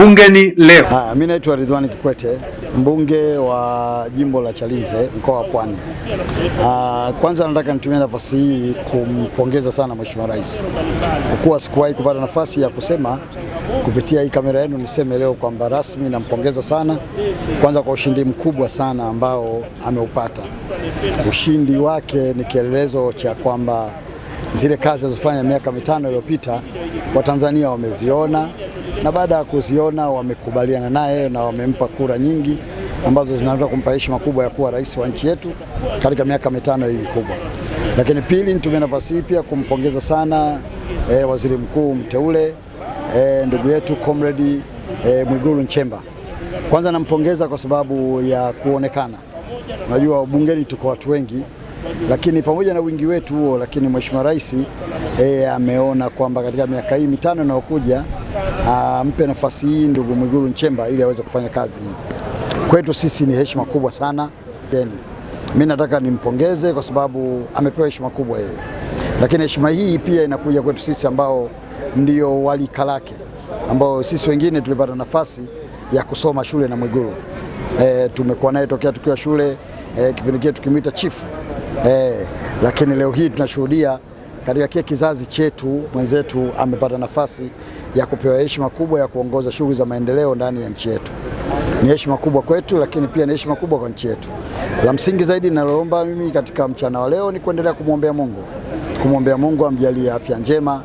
bungeni leo. Mimi ah, naitwa Ridhwani Kikwete, mbunge wa jimbo la Chalinze, mkoa wa Pwani. Ah, kwanza nataka nitumie nafasi hii kumpongeza sana Mheshimiwa Rais, kwa kuwa sikuwahi kupata nafasi ya kusema kupitia hii kamera yenu, niseme leo kwamba rasmi nampongeza sana kwanza kwa ushindi mkubwa sana ambao ameupata. Ushindi wake ni kielelezo cha kwamba zile kazi alizofanya miaka mitano iliyopita Watanzania wameziona na baada ya kuziona wamekubaliana naye na wamempa kura nyingi ambazo zinaweza kumpa heshima kubwa ya kuwa rais wa nchi yetu katika miaka mitano hii mikubwa. Lakini pili, nitumie nafasi hii pia kumpongeza sana e, waziri mkuu mteule e, ndugu yetu comrade e, Mwigulu Nchemba. Kwanza nampongeza kwa sababu ya kuonekana. Unajua bungeni tuko watu wengi, lakini pamoja na wingi wetu huo, lakini mheshimiwa rais e, ameona kwamba katika miaka hii mitano inayokuja ampe ah, nafasi hii ndugu Mwigulu Nchemba ili aweze kufanya kazi hii. Kwetu sisi ni heshima kubwa sana. Mimi nataka nimpongeze kwa sababu amepewa heshima kubwa yeye, lakini heshima hii pia inakuja kwetu sisi ambao ndio walika lake, ambao sisi wengine tulipata nafasi ya kusoma shule na Mwigulu. E, tumekuwa naye tokea tukiwa shule e, kipindi kile tukimwita chifu e, lakini leo hii tunashuhudia katika kile kizazi chetu mwenzetu amepata nafasi ya kupewa heshima kubwa ya kuongoza shughuli za maendeleo ndani ya nchi yetu. Ni heshima kubwa kwetu, lakini pia ni heshima kubwa kwa nchi yetu. La msingi zaidi ninaloomba mimi katika mchana wa leo ni kuendelea kumwombea Mungu, kumwombea Mungu amjalie afya njema,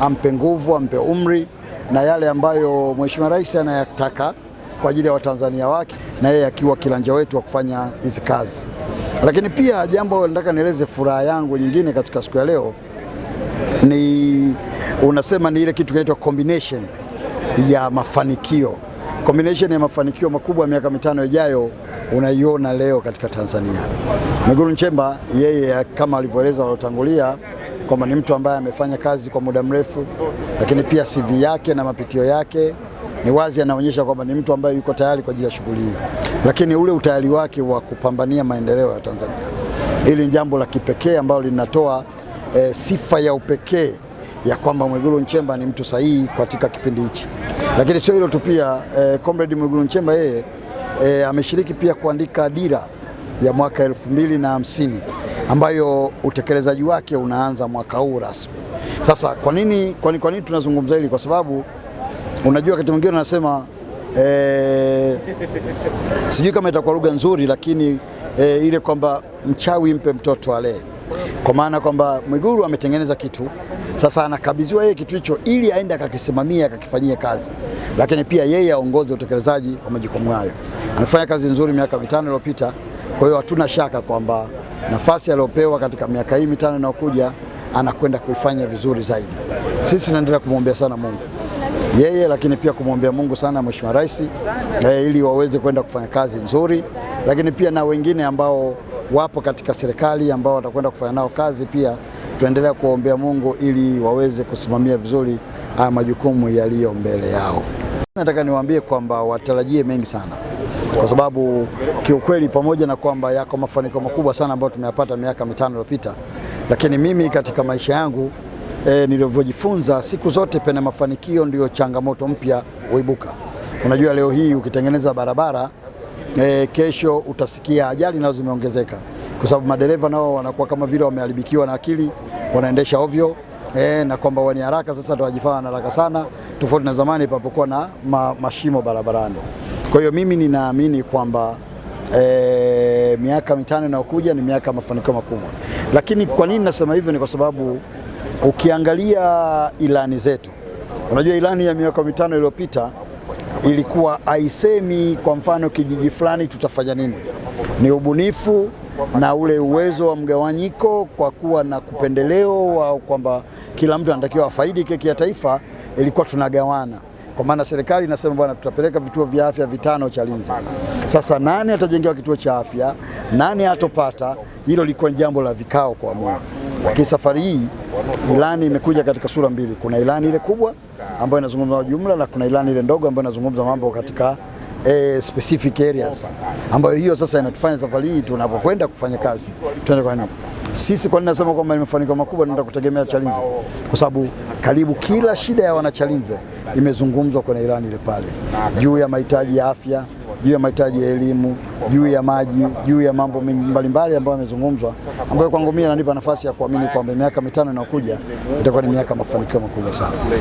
ampe nguvu, ampe umri na yale ambayo Mheshimiwa Rais anayataka kwa ajili ya Watanzania wake na yeye akiwa kilanja wetu wa kufanya hizi kazi. Lakini pia jambo nataka nieleze furaha yangu nyingine katika siku ya leo ni unasema ni ile kitu kinaitwa combination ya mafanikio. Combination ya mafanikio makubwa ya miaka mitano ijayo unaiona leo katika Tanzania. Mwigulu Nchemba yeye kama alivyoeleza waliotangulia kwamba ni mtu ambaye amefanya kazi kwa muda mrefu, lakini pia CV yake na mapitio yake ni wazi anaonyesha kwamba ni mtu ambaye yuko tayari kwa ajili ya shughuli hii, lakini ule utayari wake wa kupambania maendeleo ya Tanzania, hili ni jambo la kipekee ambalo linatoa e, sifa ya upekee ya kwamba Mwigulu Nchemba ni mtu sahihi katika kipindi hichi. Lakini sio hilo tu pia, eh, comrade Mwigulu Nchemba yeye eh, ameshiriki pia kuandika dira ya mwaka elfu mbili na hamsini ambayo utekelezaji wake unaanza mwaka huu rasmi. Sasa kwa nini, kwa nini, kwa nini tunazungumza hili? Kwa sababu unajua wakati mwingine anasema eh, sijui kama itakuwa lugha nzuri, lakini eh, ile kwamba mchawi mpe mtoto alee, kwa maana kwamba Mwigulu ametengeneza kitu sasa anakabidhiwa yeye kitu hicho ili aende akakisimamia akakifanyie kazi, lakini pia yeye aongoze utekelezaji wa majukumu hayo. Amefanya kazi nzuri miaka mitano iliyopita, kwa hiyo hatuna shaka kwamba nafasi aliyopewa katika miaka hii mitano inayokuja anakwenda kuifanya vizuri zaidi. Sisi tunaendelea kumwombea sana Mungu yeye, lakini pia kumwombea Mungu sana Mheshimiwa Rais e, ili waweze kwenda kufanya kazi nzuri, lakini pia na wengine ambao wapo katika serikali ambao watakwenda kufanya nao kazi pia tuendelea kuombea Mungu ili waweze kusimamia vizuri haya majukumu yaliyo mbele yao. Nataka niwaambie kwamba watarajie mengi sana, kwa sababu kiukweli, pamoja na kwamba yako mafanikio makubwa sana ambayo tumeyapata miaka mitano iliyopita, lakini mimi katika maisha yangu e, nilivyojifunza siku zote, pena mafanikio ndiyo changamoto mpya huibuka. Unajua, leo hii ukitengeneza barabara e, kesho utasikia ajali nazo zimeongezeka, kwa sababu madereva nao wanakuwa kama vile wameharibikiwa na akili wanaendesha ovyo e, na kwamba wani haraka sasa tunajifanya na haraka sana, tofauti na zamani papokuwa na ma, mashimo barabarani. Kwa hiyo mimi ninaamini kwamba e, miaka mitano inayokuja ni miaka mafanikio makubwa. Lakini kwa nini nasema hivyo? Ni kwa sababu ukiangalia ilani zetu, unajua ilani ya miaka mitano iliyopita ilikuwa haisemi kwa mfano kijiji fulani tutafanya nini, ni ubunifu na ule uwezo wa mgawanyiko kwa kuwa na kupendeleo wa kwamba kila mtu anatakiwa afaidi keki ya taifa, ilikuwa tunagawana kwa maana serikali inasema bwana, tutapeleka vituo vya afya vitano Chalinze. Sasa nani atajengewa kituo cha afya, nani atopata? Hilo lilikuwa ni jambo la vikao kwa mua, lakini safari hii ilani imekuja katika sura mbili. Kuna ilani ile kubwa ambayo inazungumza jumla na kuna ilani ile ndogo ambayo inazungumza mambo katika eh, specific areas ambayo hiyo sasa inatufanya safari hii tunapokwenda kufanya kazi tuende kwa nini sisi. Kwa nini nasema kwamba ni mafanikio makubwa, naenda kutegemea Chalinze kwa sababu karibu kila shida ya wanachalinze imezungumzwa kwenye ilani ile pale, juu ya mahitaji ya afya, juu ya mahitaji ya elimu, juu ya maji, juu ya mambo mbalimbali ambayo yamezungumzwa, ambayo kwangu mimi inanipa nafasi ya kuamini kwamba miaka mitano inayokuja itakuwa ni miaka mafanikio makubwa sana.